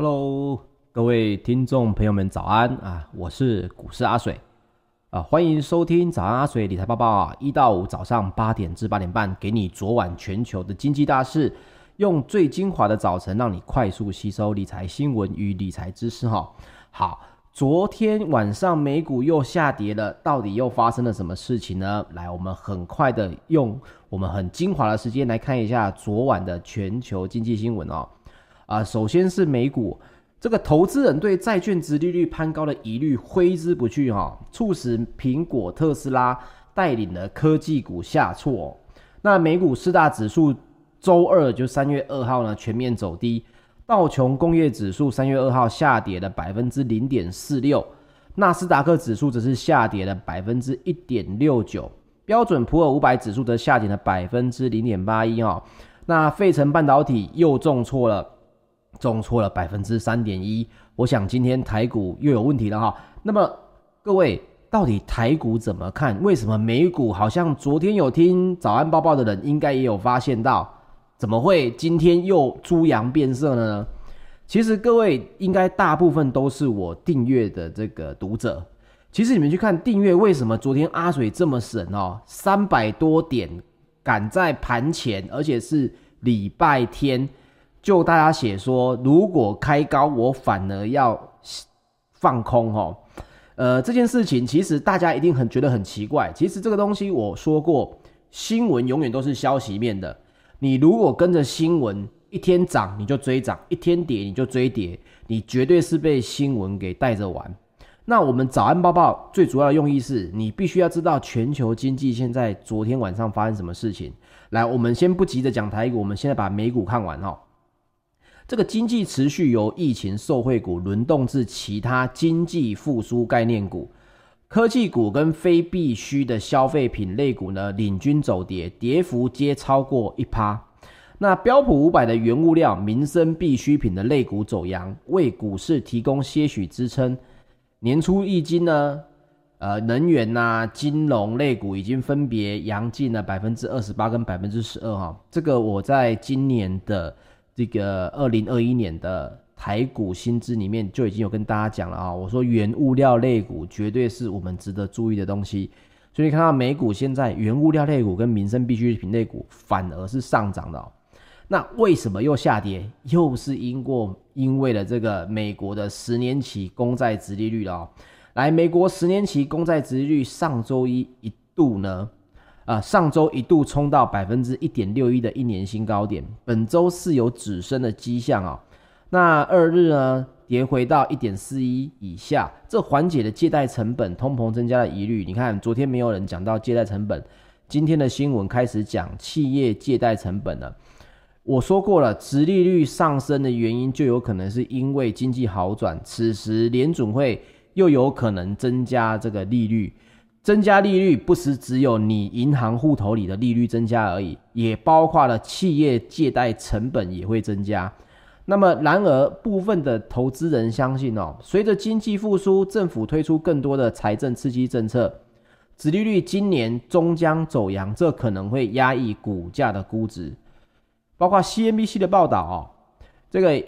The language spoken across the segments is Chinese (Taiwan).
Hello，各位聽眾朋友們，早安啊！我是股市阿水啊，歡迎收聽《早安阿水理財報報》啊，一到五早上八點至八點半，給你昨晚全球的經濟大事，用最精華的早晨，讓你快速吸收理財新聞與理財知識哈、哦。好，昨天晚上美股又下跌了，到底又發生了什麼事情呢？來，我們很快的用我們很精華的時間來看一下昨晚的全球經濟新聞哦。啊，首先是美股，這個投資人對債券殖利率攀高的疑慮揮之不去哈、哦，促使蘋果、特斯拉帶領的科技股下挫，哦。那美股四大指數周二就三月二號呢全面走低，道瓊工業指數三月二號下跌了百分之零點四六，納斯達克指數則是下跌了百分之一點六九，標準普爾五百指數則下跌了百分之零點八一哈。那費城半導體又重挫了。重挫了百分之三點一，我想今天台股又有問題了哈、哦。那麼各位到底台股怎麼看？為什麼美股好像昨天有聽早安報報的人，應該也有發現到，怎麼會今天又豬羊變色呢？其實各位應該大部分都是我訂閱的這個讀者。其實你們去看訂閱，為什麼昨天阿水這麼神哦？三百多點趕在盤前，而且是禮拜天。就大家寫說，如果開高，我反而要放空哈，呃，這件事情其實大家一定很覺得很奇怪。其實這個東西我說過，新聞永遠都是消息面的。你如果跟着新聞，一天漲你就追漲，一天跌你就追跌，你絕對是被新聞給帶着玩。那我們早安報報最主要的用意是你必須要知道全球經濟現在昨天晚上發生什麼事情。來，我們先不急着講台股，我們現在把美股看完哈。這個經濟持續由疫情受惠股輪動至其他經濟復甦概念股、科技股跟非必需的消費品類股呢，領軍走跌，跌幅皆超過一趴。那標普五百的原物料、民生必需品的類股走揚，為股市提供些許支撐。年初至今呢，呃，能源啊、金融類股已經分別揚進了百分之二十八跟百分之十二哈。這個我在今年的。這個二零二一年的台股新資裡面就已經有跟大家講了啊，我說原物料類股絕對是我們值得注意的東西，所以你看到美股現在原物料類股跟民生必需品類股反而是上漲的。哦，那為什麼又下跌？又是因過因為了這個美國的十年期公債殖利率了，哦，來，美國十年期公債殖利率上周一一度呢？啊、呃，上周一度衝到百分之一點六一的一年新高點，本周是有止升的跡象哦。那二日呢，跌回到一點四一以下，這緩解了借貸成本、通膨增加的疑慮。你看，昨天沒有人講到借貸成本，今天的新聞開始講企業借貸成本了。我說過了，殖利率上升的原因就有可能是因為經濟好轉，此時聯準會又有可能增加這個利率。增加利率不是只有你銀行戶頭裡的利率增加而已，也包括了企業借貸成本也會增加。那麼，然而部分的投資人相信哦，隨着經濟復甦，政府推出更多的財政刺激政策，殖利率今年終將走揚，這可能會壓抑股價的估值。包括 CNBC 的報道哦，這個。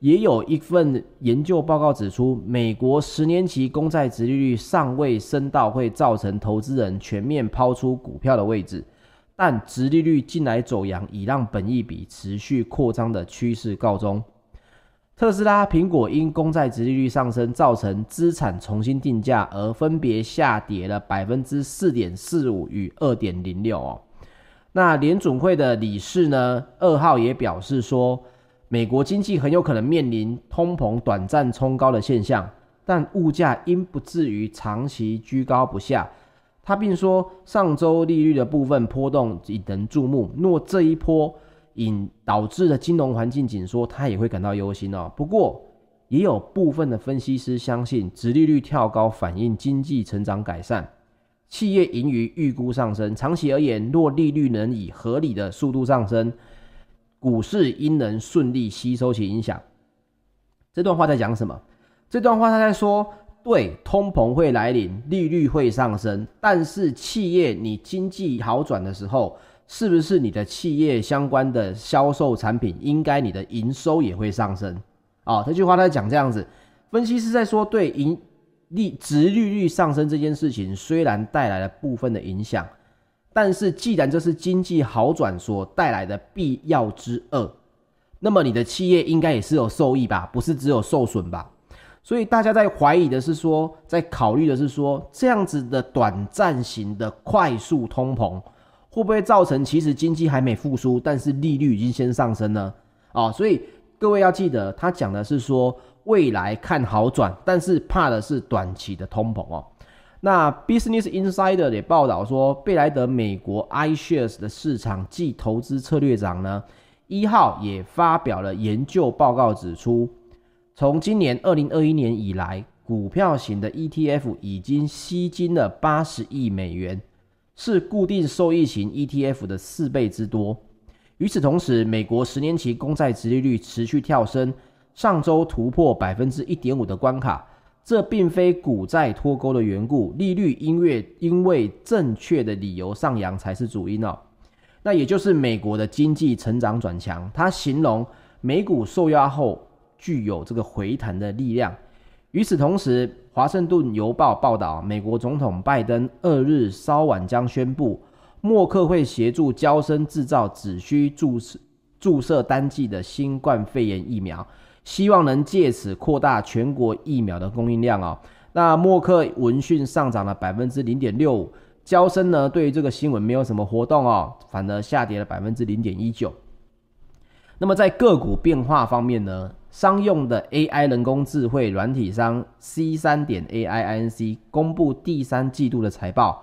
也有一份研究報告指出，美國十年期公債殖利率尚未升到會造成投資人全面拋出股票的位置，但殖利率近來走揚已讓本益比持續擴張的趨勢告終。特斯拉、蘋果因公債殖利率上升造成資產重新定價而分別下跌了百分之四點四五與二點零六哦。那聯準會的理事呢，二號也表示說。美國經濟很有可能面臨通膨短暫衝高的現象，但物價應不至於長期居高不下。他並說，上周利率的部分波動引人注目。若這一波引導致的金融環境緊縮，他也會感到憂心哦。不過，也有部分的分析師相信，殖利率跳高反映經濟成長改善，企業盈餘預估上升。長期而言，若利率能以合理的速度上升，股市應能順利吸收其影響，這段話在講什麼？這段話他在說，對，通膨會來臨，利率會上升，但是企業，你經濟好轉的時候，是不是你的企業相關的銷售產品應該你的營收也會上升？哦，這句話他在講這樣子，分析師在說，對，盈利值利率上升這件事情雖然帶來了部分的影響。但是，既然這是經濟好轉所帶來的必要之惡，那麼你的企業應該也是有受益吧？不是只有受損吧？所以大家在懷疑的是說，在考慮的是說，這樣子的短暫型的快速通膨，會不會造成其實經濟還沒復甦，但是利率已經先上升呢？啊、哦，所以各位要記得，他講的是說，未來看好轉，但是怕的是短期的通膨哦。那 Business Insider 也報道說，貝萊德美國 iShares 的市場暨投資策略長呢一號也發表了研究報告，指出，從今年二零二一年以來，股票型的 ETF 已經吸金了八十億美元，是固定收益型 ETF 的四倍之多。與此同時，美國十年期公債殖利率持續跳升，上周突破百分之一點五的關卡。這並非股債脫鈎的緣故，利率因為因為正確的理由上揚才是主因哦。那也就是美國的經濟成長轉強，它形容美股受壓後具有這個回彈的力量。與此同時，華盛頓郵報報道，美國總統拜登二日稍晚將宣布，默克會協助嬌生製造只需注注射單劑的新冠肺炎疫苗。希望能借此擴大全國疫苗的供應量哦。那默克聞訊上漲了百分之零點六五，嬌生呢對於這個新聞沒有什麼活動哦，反而下跌了百分之零點一九。那麼在個股變化方面呢，商用的 AI 人工智慧軟體商 C 三點 AI INC 公布第三季度的財報，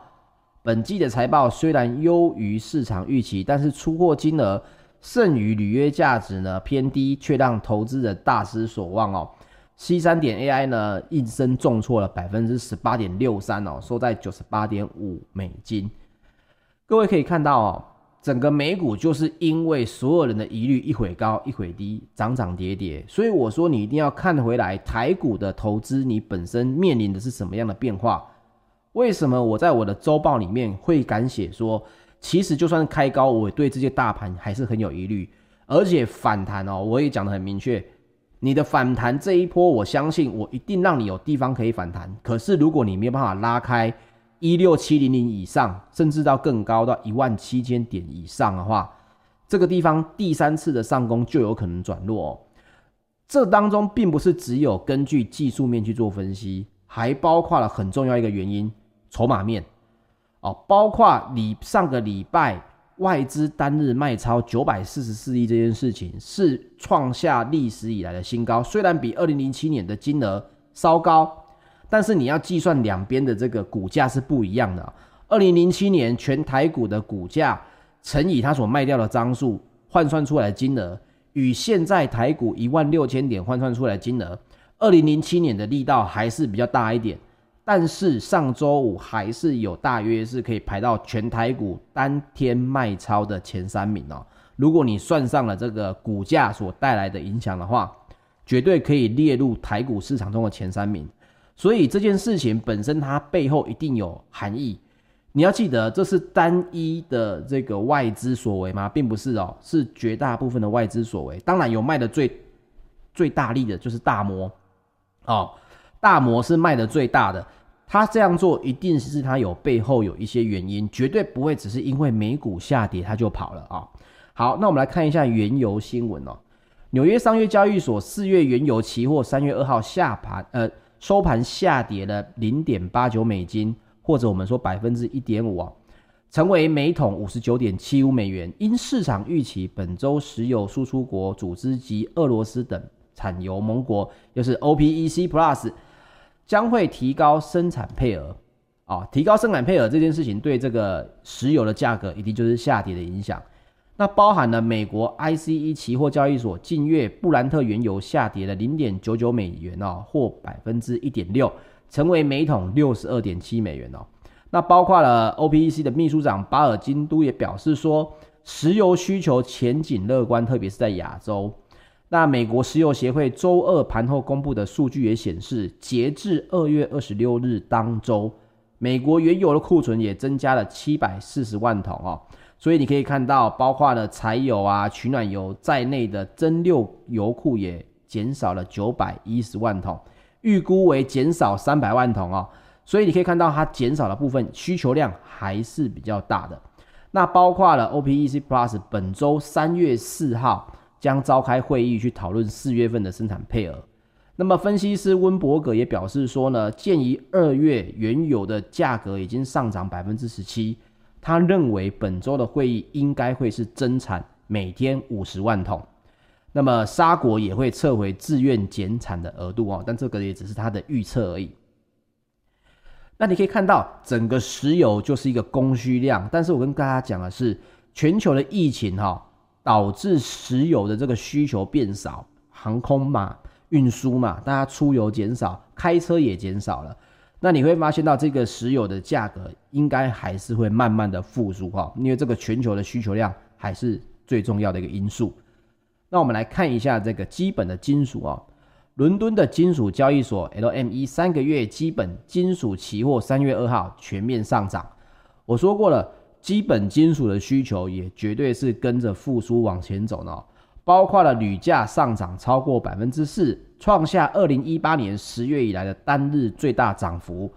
本季的財報雖然優於市場預期，但是出貨金額。剩餘履約價值呢偏低，卻讓投資人大失所望哦。C 三點 AI 呢應聲重挫了百分之十八點六三哦，收在九十八點五美金。各位可以看到哦，整個美股就是因為所有人的疑慮一會高一會低，漲漲跌跌。所以我說你一定要看回來台股的投資，你本身面臨的是什麼樣的變化？為什麼我在我的週報裡面會敢寫說？其實就算是開高，我也對這些大盤還是很有疑慮。而且反彈哦，我也講得很明確，你的反彈這一波，我相信我一定讓你有地方可以反彈。可是如果你沒有辦法拉開一六七零零以上，甚至到更高到一萬七千點以上的話，這個地方第三次的上攻就有可能轉弱哦。這當中並不是只有根據技術面去做分析，還包括了很重要一個原因，籌碼面。哦，包括你上個禮拜外資單日賣超九百四十四億這件事情，是創下歷史以來的新高。雖然比二零零七年的金額稍高，但是你要計算兩邊的這個股價是不一樣的。二零零七年全台股的股價乘以它所賣掉的張數換算出來的金額，與現在台股一萬六千點換算出來的金額，二零零七年的力道還是比較大一點。但是上週五還是有大約是可以排到全台股單天賣超的前三名哦。如果你算上了這個股價所帶來的影響的話，絕對可以列入台股市場中的前三名。所以這件事情本身，它背後一定有含義。你要記得，這是單一的這個外資所為嗎？並不是哦，是絕大部分的外資所為。當然有賣的最最大力的就是大摩哦。大摩是賣的最大的，他這樣做一定是他有背後有一些原因，絕對不會只是因為美股下跌他就跑了啊。好，那我們來看一下原油新聞哦。紐約商業交易所四月原油期貨三月二號下盤呃收盤下跌了零點八九美金，或者我們說百分之一點五啊，成為每桶五十九點七五美元。因市場預期本周石油輸出國組織及俄羅斯等產油盟國，又是 OPEC Plus。將會提高生產配額，哦，提高生產配額這件事情對這個石油的價格一定就是下跌的影響。那包含了美國 ICE 期貨交易所近月布蘭特原油下跌了零點九九美元哦，或百分之一點六，成為每桶六十二點七美元哦。那包括了 OPEC 的秘書長巴爾金都也表示說，石油需求前景樂觀，特別是在亞洲。那美國石油協會周二盤後公布的數據也顯示，截至二月二十六日當周，美國原油的庫存也增加了七百四十萬桶哦。所以你可以看到，包括了柴油啊、取暖油在內的蒸餾油庫也減少了九百一十萬桶，預估為減少三百萬桶哦。所以你可以看到，它減少的部分需求量還是比較大的。那包括了 OPEC Plus 本周三月四號。將召開會議去討論四月份的生產配額。那麼，分析師溫伯格也表示說呢，鑑於二月原油的價格已經上漲百分之十七，他認為本周的會議應該會是增產每天五十萬桶。那麼，沙國也會撤回自願減產的額度哦，但這個也只是他的預測而已。那你可以看到，整個石油就是一個供需量。但是我跟大家講的是，全球的疫情哈、哦。導致石油的這個需求變少，航空嘛，運輸嘛，大家出遊減少，開車也減少了，那你會發現到這個石油的價格應該還是會慢慢的復甦哈，因為這個全球的需求量還是最重要的一個因素。那我們來看一下這個基本的金屬啊，倫敦的金屬交易所 LME 三個月基本金屬期貨3月2號全面上漲，我說過了。基本金屬的需求也絕對是跟着復甦往前走的哦，包括了鋁價上漲超過百分之四，創下二零一八年十月以來的單日最大漲幅；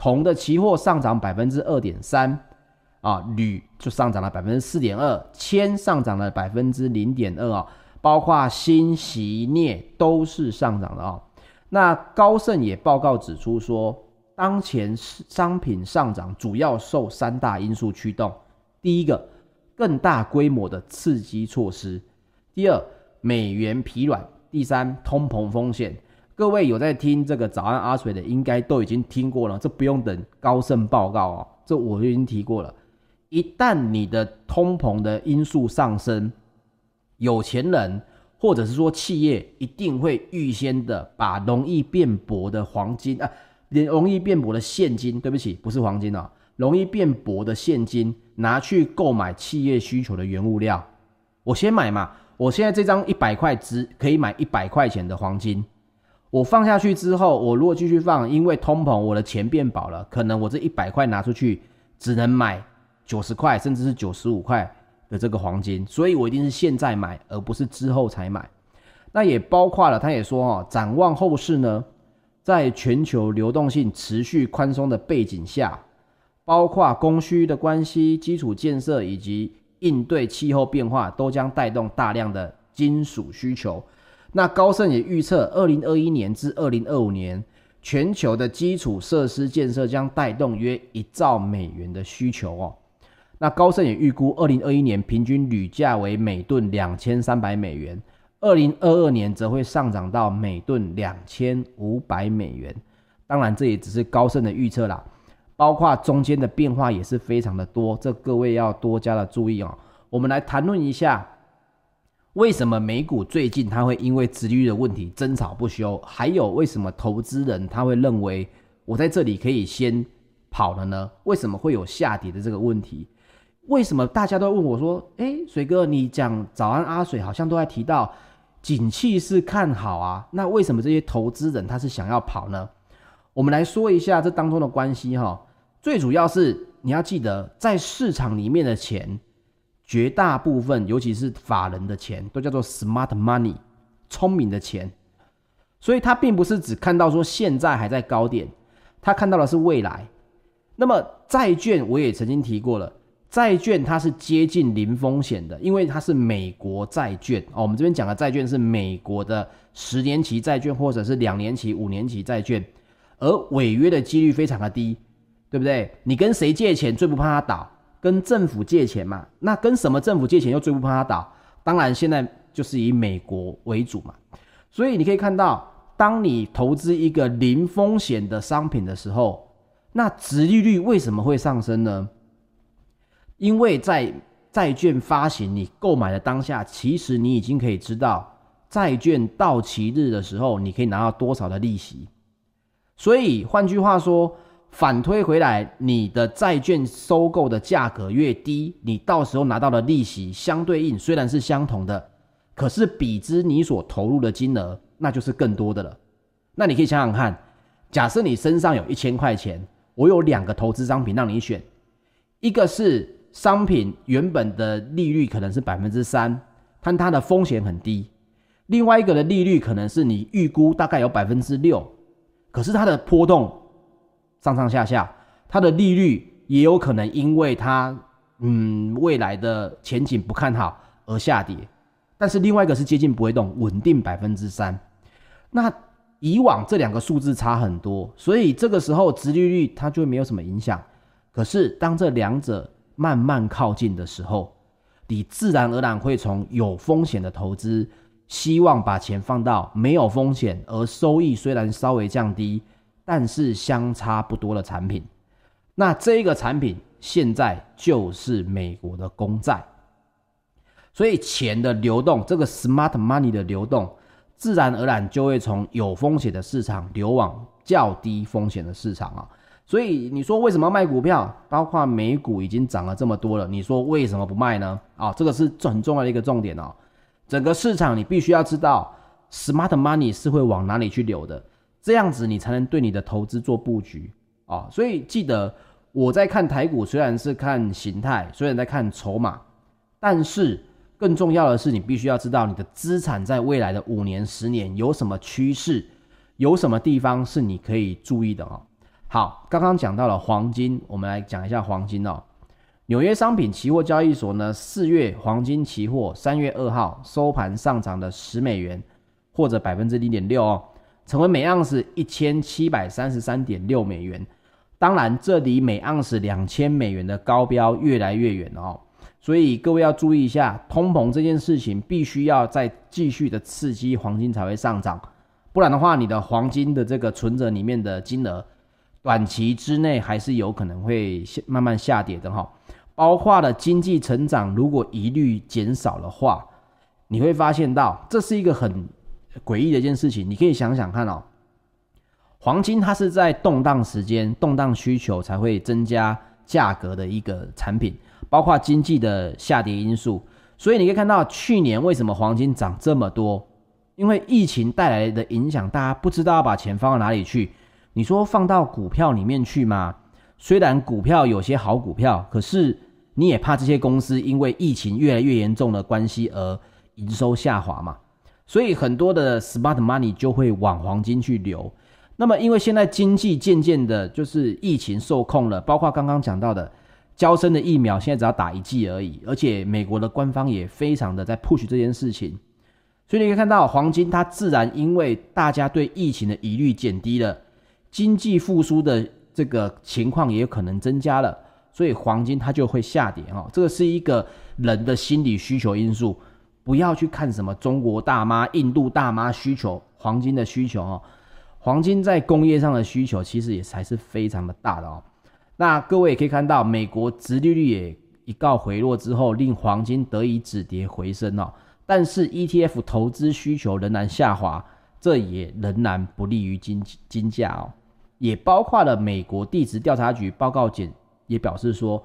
銅的期貨上漲百分之二點三，啊，鋁就上漲了百分之四點二，鉛上漲了百分之零點二啊，包括鋅、錫、鎳都是上漲的啊、哦。那高盛也報告指出說。當前商品上漲主要受三大因素驅動：第一個，更大規模的刺激措施；第二，美元疲軟；第三，通膨風險。各位有在聽這個早安阿水的，應該都已經聽過了，這不用等高盛報告哦、啊，這我已經提過了。一旦你的通膨的因素上升，有錢人或者是說企業一定會預先的把容易變薄的黃金啊。連容易變薄的現金，對不起，不是黃金啊、哦！容易變薄的現金拿去購買企業需求的原物料，我先買嘛。我現在這張一百塊可以買一百塊錢的黃金，我放下去之後，我如果繼續放，因為通膨，我的錢變薄了，可能我這一百塊拿出去只能買九十塊，甚至是九十五塊的這個黃金，所以我一定是現在買，而不是之後才買。那也包括了，他也說哦，展望後市呢。在全球流動性持續寬鬆的背景下，包括供需的關係、基礎建設以及應對氣候變化，都將帶動大量的金屬需求。那高盛也預測，二零二一年至二零二五年，全球的基礎設施建設將帶動約一兆美元的需求哦。那高盛也預估，二零二一年平均鋁價為每噸兩千三百美元。二零二二年則會上漲到每噸兩千五百美元，當然這也只是高盛的預測啦，包括中間的變化也是非常的多，這各位要多加的注意哦、喔。我們來談論一下，為什麼美股最近它會因為殖利率的問題爭吵不休？還有為什麼投資人他會認為我在這裡可以先跑了呢？為什麼會有下跌的這個問題？為什麼大家都問我說，誒、欸，水哥，你講早安阿水好像都還提到？景氣是看好啊，那為什麼這些投資人他是想要跑呢？我們來說一下這當中的關係哈。最主要是你要記得，在市場裡面的錢，絕大部分尤其是法人的錢，都叫做 smart money，聰明的錢。所以，他並不是只看到說現在還在高點，他看到的是未來。那麼，債券我也曾經提過了。債券它是接近零風險的，因為它是美國債券哦。我們這邊講的債券是美國的十年期債券，或者是兩年期、五年期債券，而違約的幾率非常的低，對不對？你跟誰借錢最不怕他倒？跟政府借錢嘛。那跟什麼政府借錢又最不怕他倒？當然現在就是以美國為主嘛。所以你可以看到，當你投資一個零風險的商品的時候，那殖利率為什麼會上升呢？因為在債券發行你購買的當下，其實你已經可以知道債券到期日的時候，你可以拿到多少的利息。所以換句話說，反推回來，你的債券收購的價格越低，你到時候拿到的利息相對應雖然是相同的，可是比之你所投入的金額，那就是更多的了。那你可以想想看，假設你身上有一千塊錢，我有兩個投資商品讓你選，一個是。商品原本的利率可能是百分之三，但它的風險很低。另外一個的利率可能是你預估大概有百分之六，可是它的波動上上下下，它的利率也有可能因為它嗯，未來的前景不看好而下跌。但是另外一個是接近不會動，穩定百分之三。那以往這兩個數字差很多，所以這個時候殖利率它就沒有什麼影響。可是當這兩者慢慢靠近的時候，你自然而然會從有風險的投資，希望把錢放到沒有風險，而收益雖然稍微降低，但是相差不多的產品。那這個產品現在就是美國的公債，所以錢的流動，這個 smart money 的流動，自然而然就會從有風險的市場流往較低風險的市場啊。所以你說為什麼要賣股票？包括美股已經漲了這麼多了，你說為什麼不賣呢？啊、哦，這個是很重要的一個重點哦。整個市場你必須要知道，smart money 是會往哪裡去流的，這樣子你才能對你的投資做布局啊、哦。所以記得我在看台股，雖然是看形態，雖然在看籌碼，但是更重要的是你必須要知道你的資產在未來的五年、十年有什麼趨勢，有什麼地方是你可以注意的啊、哦。好，剛剛講到了黃金，我們來講一下黃金哦。紐約商品期貨交易所呢，四月黃金期貨三月二號收盤上漲了十美元，或者百分之零點六哦，成為每盎司一千七百三十三點六美元。當然，這離每盎司兩千美元的高標越來越遠哦，所以各位要注意一下，通膨這件事情必須要再繼續的刺激黃金才會上漲，不然的話，你的黃金的這個存折裡面的金額。短期之內還是有可能會慢慢下跌的哈、哦，包括了經濟成長如果疑慮減少的話，你會發現到這是一個很詭異的一件事情。你可以想想看哦，黃金它是在動盪時間、動盪需求才會增加價格的一個產品，包括經濟的下跌因素。所以你可以看到去年為什麼黃金漲這麼多，因為疫情帶來的影響，大家不知道要把錢放到哪裡去。你說放到股票裡面去嗎？雖然股票有些好股票，可是你也怕這些公司因為疫情越來越嚴重的關係而營收下滑嘛？所以很多的 smart money 就會往黃金去流。那麼因為現在經濟漸漸的，就是疫情受控了，包括剛剛講到的，嬌生的疫苗現在只要打一劑而已，而且美國的官方也非常的在 push 這件事情，所以你可以看到黃金它自然因為大家對疫情的疑慮減低了。經濟復蘇的這個情況也有可能增加了，所以黃金它就會下跌哦。這個是一個人的心理需求因素，不要去看什麼中國大媽、印度大媽需求，黃金的需求哦。黃金在工業上的需求其實也是還是非常的大的哦。那各位也可以看到，美國殖利率也一告回落之後，令黃金得以止跌回升哦。但是 ETF 投資需求仍然下滑，這也仍然不利於金金價哦。也包括了美國地質調查局報告簡也表示說，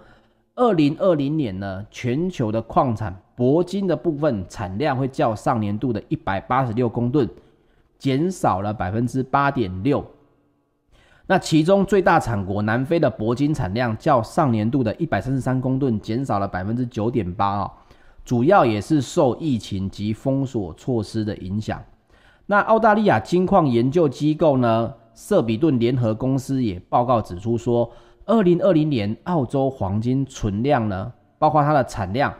二零二零年呢，全球的礦產鉑金的部分產量會較上年度的一百八十六公噸減少了百分之八點六。那其中最大產國南非的鉑金產量較上年度的一百三十三公噸減少了百分之九點八啊，主要也是受疫情及封鎖措施的影響。那澳大利亞金礦研究機構呢，瑟比頓聯合公司也報告指出說，二零二零年澳洲黃金存量呢，包括它的產量，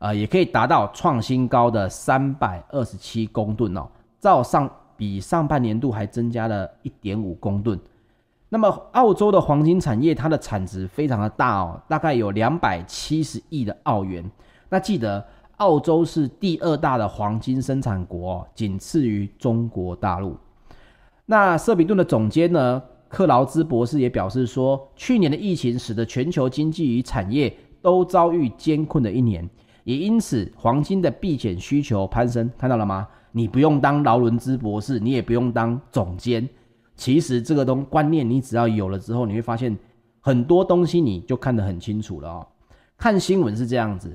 呃，啊也可以達到創新高的三百二十七公噸哦，照上比上半年度還增加了一點五公噸。那麼，澳洲的黃金產業它的產值非常的大哦，大概有兩百七十億的澳元。那記得澳洲是第二大的黃金生產國哦，僅次於中國大陸。那瑟比頓的總監呢，克勞資博士也表示說，去年的疫情使得全球經濟與產業都遭遇艱困的一年，也因此黃金的避險需求攀升。看到了嗎？你不用當勞倫茲博士，你也不用當總監。其實這個東觀念，你只要有了之後，你會發現很多東西你就看得很清楚了哦。看新聞是這樣子，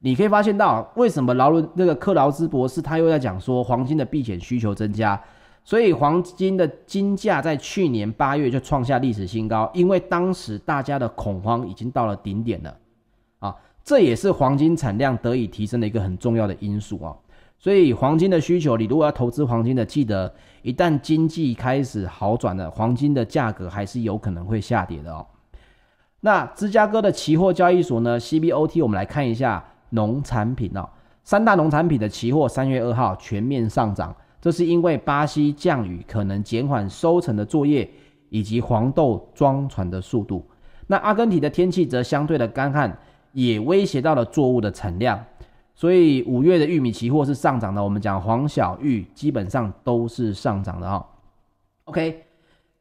你可以發現到為什麼勞倫那個克勞資博士他又在講說黃金的避險需求增加。所以黃金的金價在去年八月就創下歷史新高，因為當時大家的恐慌已經到了頂點了，啊，這也是黃金產量得以提升的一個很重要的因素啊。所以黃金的需求，你如果要投資黃金的，記得一旦經濟開始好轉了，黃金的價格還是有可能會下跌的哦。那芝加哥的期貨交易所呢，CBOT，我們來看一下農產品哦，啊，三大農產品的期貨三月二號全面上漲。這是因為巴西降雨可能減緩收成的作業，以及黃豆裝船的速度。那阿根廷的天氣則相對的乾旱，也威脅到了作物的產量。所以五月的玉米期貨是上漲的。我們講黃小玉基本上都是上漲的哈、哦。OK，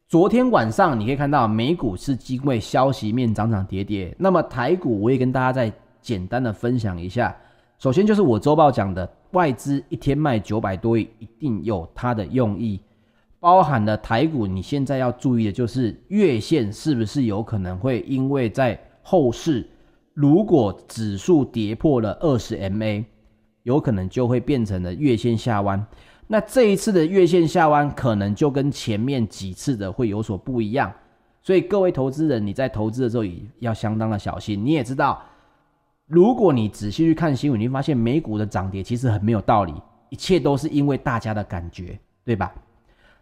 昨天晚上你可以看到美股是因為消息面漲漲跌跌。那麼台股我也跟大家再簡單的分享一下。首先就是我周報講的。外資一天賣九百多億，一定有它的用意。包含了台股，你現在要注意的就是月線是不是有可能會，因為在後市，如果指數跌破了二十 MA，有可能就會變成了月線下彎。那這一次的月線下彎，可能就跟前面幾次的會有所不一樣。所以各位投資人，你在投資的時候也要相當的小心。你也知道。如果你仔細去看新聞，你會發現美股的漲跌其實很沒有道理，一切都是因為大家的感覺，對吧？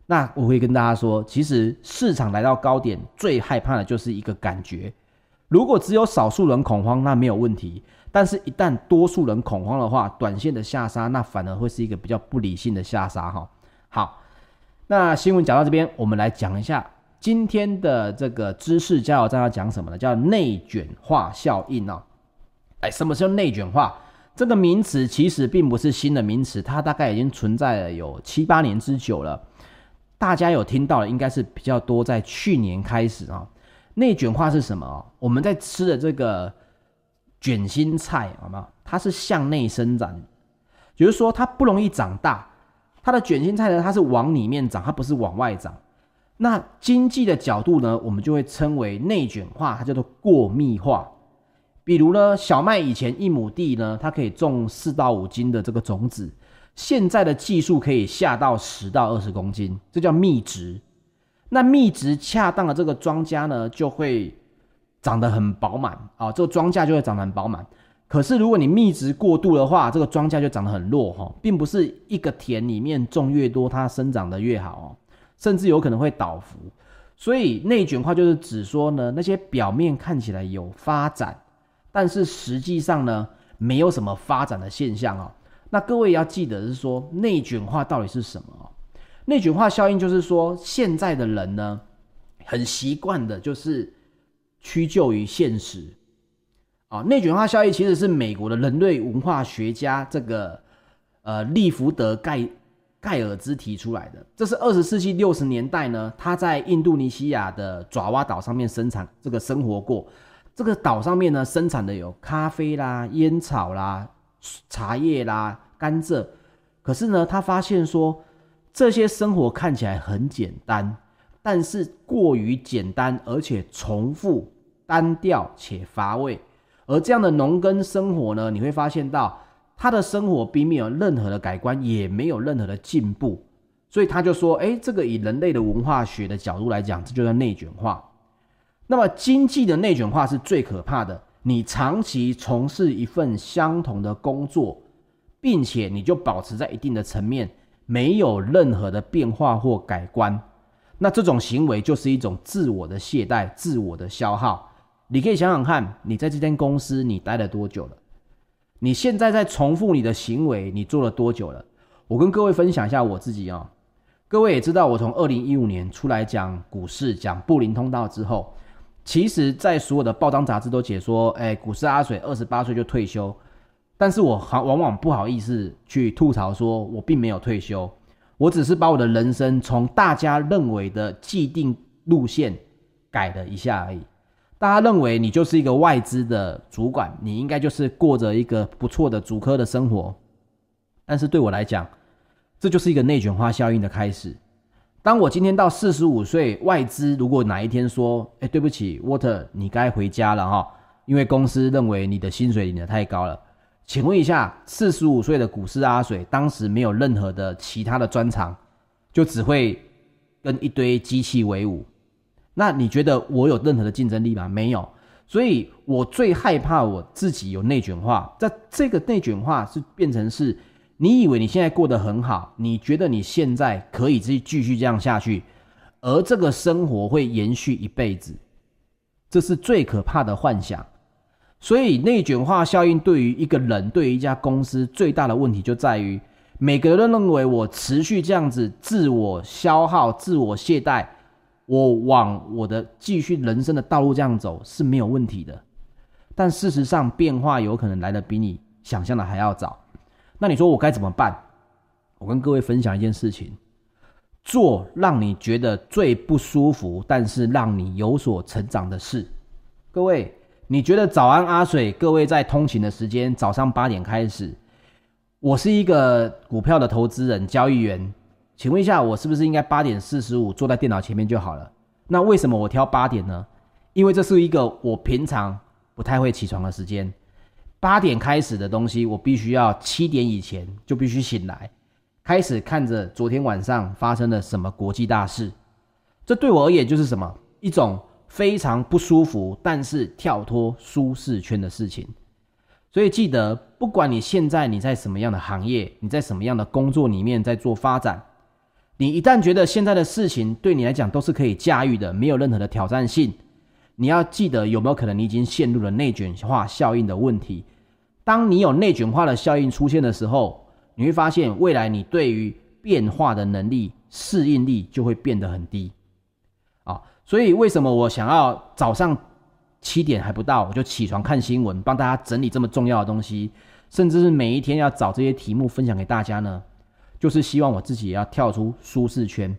那我會跟大家說，其實市場來到高點最害怕的就是一個感覺。如果只有少數人恐慌，那沒有問題；但是，一旦多數人恐慌的話，短線的下殺，那反而會是一個比較不理性的下殺。哈，好，那新聞講到這邊，我們來講一下今天的這個知識加油站要講什麼呢？叫內捲化效應啊。什麼叫內捲化？這個名詞其實並不是新的名詞，它大概已經存在了有七八年之久了。大家有聽到的，應該是比較多在去年開始啊。內捲化是什麼？我們在吃的這個捲心菜，好嗎？它是向內生長，也就是說它不容易長大。它的捲心菜呢，它是往裡面長，它不是往外長。那經濟的角度呢，我們就會稱為內捲化，它叫做過密化。比如呢，小麥以前一畝地呢，它可以種四到五斤的這個種子，現在的技術可以下到十到二十公斤，這叫密植。那密植恰當的這個莊稼呢，就會長得很飽滿啊、哦，這個莊稼就會長得很飽滿。可是如果你密植過度的話，這個莊稼就長得很弱哈、哦，並不是一個田裡面種越多，它生長得越好哦，甚至有可能會倒伏。所以內卷化就是指說呢，那些表面看起來有發展。但是實際上呢，沒有什麼發展的現象哦。那各位要記得是說內捲化到底是什麼？內捲化效應就是說現在的人呢，很習慣的就是屈就於現實啊、哦。內捲化效應其實是美國的人類文化學家這個呃利福德蓋蓋爾茲提出來的。這是二十世紀六十年代呢，他在印度尼西亞的爪哇島上面生產這個生活過。這個島上面呢，生產的有咖啡啦、菸草啦、茶葉啦、甘蔗。可是呢，他發現說，這些生活看起來很簡單，但是過於簡單，而且重複、單調且乏味。而這樣的農耕生活呢，你會發現到他的生活並沒有任何的改觀，也沒有任何的進步。所以他就說，哎，這個以人類的文化學的角度來講，這就叫內捲化。那麼，經濟的內卷化是最可怕的。你長期從事一份相同的工作，並且你就保持在一定的層面，沒有任何的變化或改觀，那這種行為就是一種自我的懈怠、自我的消耗。你可以想想看，你在這間公司你待了多久了？你現在在重複你的行為，你做了多久了？我跟各位分享一下我自己啊、哦，各位也知道，我從二零一五年出來講股市、講布林通道之後。其實，在所有的報章雜誌都解說，哎，股市阿水二十八歲就退休，但是我好往往不好意思去吐槽，說我並沒有退休，我只是把我的人生從大家認為的既定路線改了一下而已。大家認為你就是一個外資的主管，你應該就是過着一個不錯的主科的生活，但是對我來講，這就是一個內捲化效應的開始。當我今天到四十五歲，外資如果哪一天說：“誒，對不起，Water，你該回家了哈、哦。”因為公司認為你的薪水領得太高了。請問一下，四十五歲的股市阿水，當時沒有任何的其他的專長，就只會跟一堆機器為伍。那你覺得我有任何的競爭力嗎？沒有。所以我最害怕我自己有內捲化，在這個內捲化是變成是。你以為你現在過得很好，你覺得你現在可以繼續繼續這樣下去，而這個生活會延續一輩子，這是最可怕的幻想。所以內卷化效應對於一個人、對於一家公司最大的問題就在於，每個人都認為我持續這樣子自我消耗、自我懈怠，我往我的繼續人生的道路這樣走是沒有問題的。但事實上，變化有可能來得比你想象的還要早。那你說我該怎麼辦？我跟各位分享一件事情：做讓你覺得最不舒服，但是讓你有所成長的事。各位，你覺得早安阿水？各位在通勤的時間，早上八點開始。我是一個股票的投資人、交易員，請問一下，我是不是應該八點四十五坐在電腦前面就好了？那為什麼我挑八點呢？因為這是一個我平常不太會起床的時間。八點開始的東西，我必須要七點以前就必須醒來，開始看着昨天晚上發生了什麼國際大事。這對我而言就是什麼？一種非常不舒服，但是跳脫舒適圈的事情。所以記得，不管你現在你在什麼樣的行業，你在什麼樣的工作裡面在做發展，你一旦覺得現在的事情對你來講都是可以駕馭的，沒有任何的挑戰性。你要記得，有沒有可能你已經陷入了內捲化效應的問題？當你有內捲化的效應出現的時候，你會發現未來你對於變化的能力適應力就會變得很低。啊、哦，所以為什麼我想要早上七點還不到我就起床看新聞，幫大家整理這麼重要的東西，甚至是每一天要找這些題目分享給大家呢？就是希望我自己也要跳出舒適圈。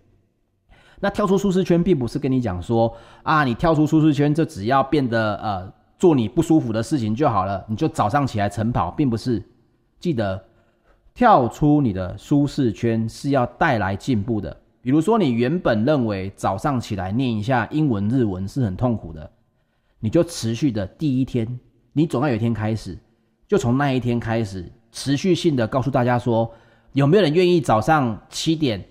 那跳出舒適圈，並不是跟你講說啊，你跳出舒適圈就只要變得呃，做你不舒服的事情就好了。你就早上起來晨跑，並不是。記得跳出你的舒適圈是要帶來進步的。比如說，你原本認為早上起來念一下英文日文是很痛苦的，你就持續的第一天，你總要有一天開始，就從那一天開始持續性的告訴大家說，有沒有人願意早上七點？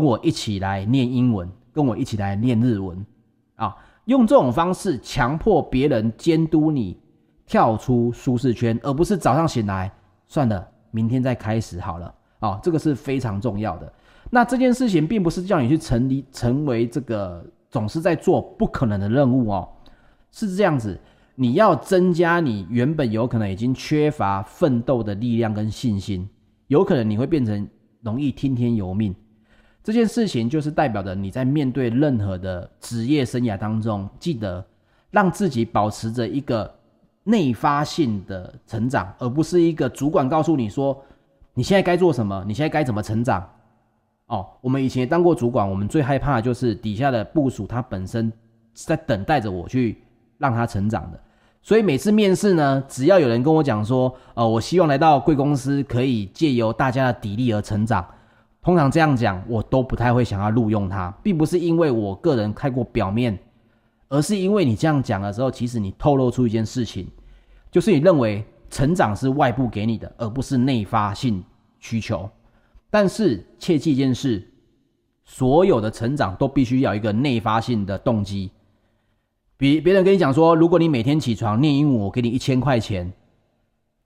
跟我一起來念英文，跟我一起來念日文，啊，用這種方式強迫別人監督你，跳出舒適圈，而不是早上醒來算了，明天再開始好了，啊，這個是非常重要的。那這件事情並不是叫你去成立成為這個總是在做不可能的任務哦，是這樣子，你要增加你原本有可能已經缺乏奮鬥的力量跟信心，有可能你會變成容易聽天由命。這件事情就是代表着你在面對任何的職業生涯當中，記得讓自己保持着一個內發性的成長，而不是一個主管告訴你說你現在該做什麼，你現在該怎麼成長。哦，我們以前也當過主管，我們最害怕的就是底下的部署他本身是在等待着我去讓他成長的。所以每次面試呢，只要有人跟我講說，呃，我希望來到貴公司，可以借由大家的砥礪而成長。通常這樣講，我都不太會想要錄用他，並不是因為我個人太過表面，而是因為你這樣講的時候，其實你透露出一件事情，就是你認為成長是外部給你的，而不是內發性需求。但是切記一件事，所有的成長都必須要一個內發性的動機。比如別人跟你講說，如果你每天起床念英文，我給你一千塊錢，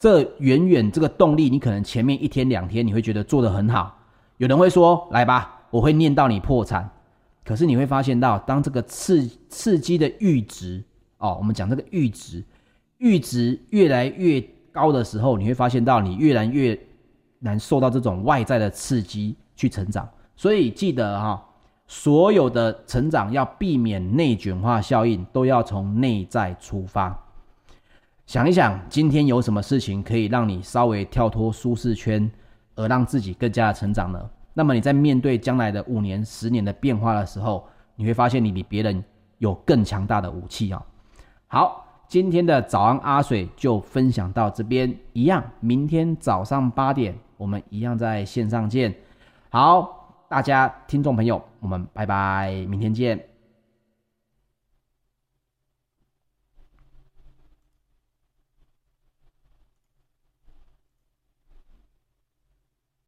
這遠遠，這個動力，你可能前面一天兩天你會覺得做得很好。有人會說：“來吧，我會念到你破產。”可是你會發現到，當這個刺刺激的閾值哦，我們講這個閾值，閾值越來越高的時候，你會發現到你越來越難受到這種外在的刺激去成長。所以記得哈、哦，所有的成長要避免內卷化效應，都要從內在出發。想一想，今天有什麼事情可以讓你稍微跳脫舒適圈？而讓自己更加的成長呢？那麼你在面對將來的五年、十年的變化的時候，你會發現你比別人有更強大的武器啊、哦！好，今天的早安阿水就分享到這邊，一樣，明天早上八點，我們一樣在線上見。好，大家聽眾朋友，我們拜拜，明天見。